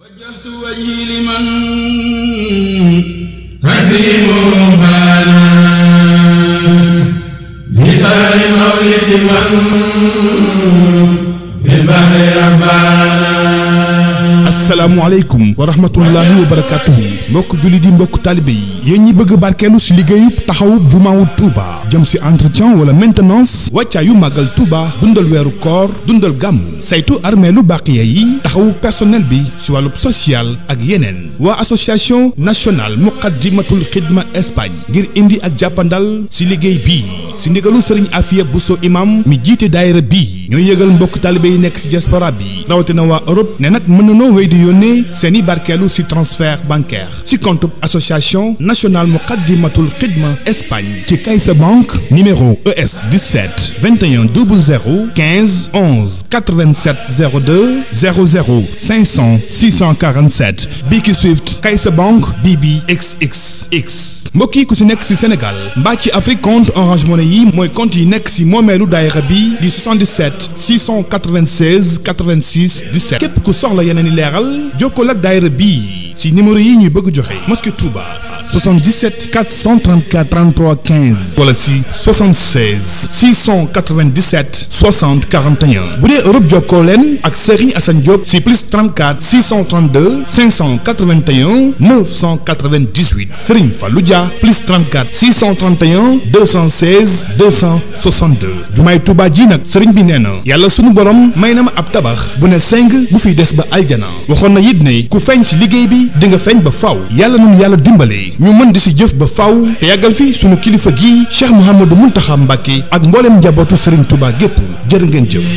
وجهت وجهي لمن تكريم بانا بسال مولد من asalaamualeykum wa rahmatullahi wa barakatuhu mbokk julli di mbokk taalibe yi yéen ñi bëgg barkeelu si liggéeyub taxawub jumaawul tuuba jëm si entretien wala maintenance wàccaa yu màggal Touba dundal weeru koor dundal gàmm saytu armée lu baqiya yi taxawu personnel bi si wàllub social ak yeneen waa association nationale muqaddimatul xidma Espagne ngir indi ak jàppandal si liggéey bi si ndigalu sëriñ bu Bousso imam mi jiite daayira bii ñooy yëgal mbokk taalibe yi nekk si diaspora bi rawatina waa di yónnee seen i barkeelu si transfert bancaire si compte association nationale Muqaddimatul Xidma Espagne ci Caixa Bank numéro ES 17 21 00 15 11 87 02 00 500 647 Biki Swift Caixa Bank BBXXX mbokk yi ku si nekk si Sénégal mbaa ci Afrique compte Orange Money yi mooy compte yi nekk si moomeelu daayira bi di 77 696 86 17 képp ku soxla yeneen i leeral jokkoo ak daayira bii ci numéro yi ñu bëgg joxe mosquée Touba 77 434 33 15 wala si 76 697 60 41 bu dee Europe jokkoo leen ak Serigne Assane Diop si plus 34 632 581 998 Serigne Fallou Dia plus 34 631 216 262 jumaay Touba ji nag Serigne bi nee na yàlla sunu borom may na ma ab tabax bu ne seng bu fi des ba aljana waxoon na it ne ku feeñ ci liggéey bi. di nga feeñ ba faw yàlla nañu yàlla dimbale ñu mën di si jëf ba faw te yàggal fi sunu kilifa gii Cheikh mun taxam Mbacké ak mbooleem njabootu Serigne Touba gépp jël ngeen jëf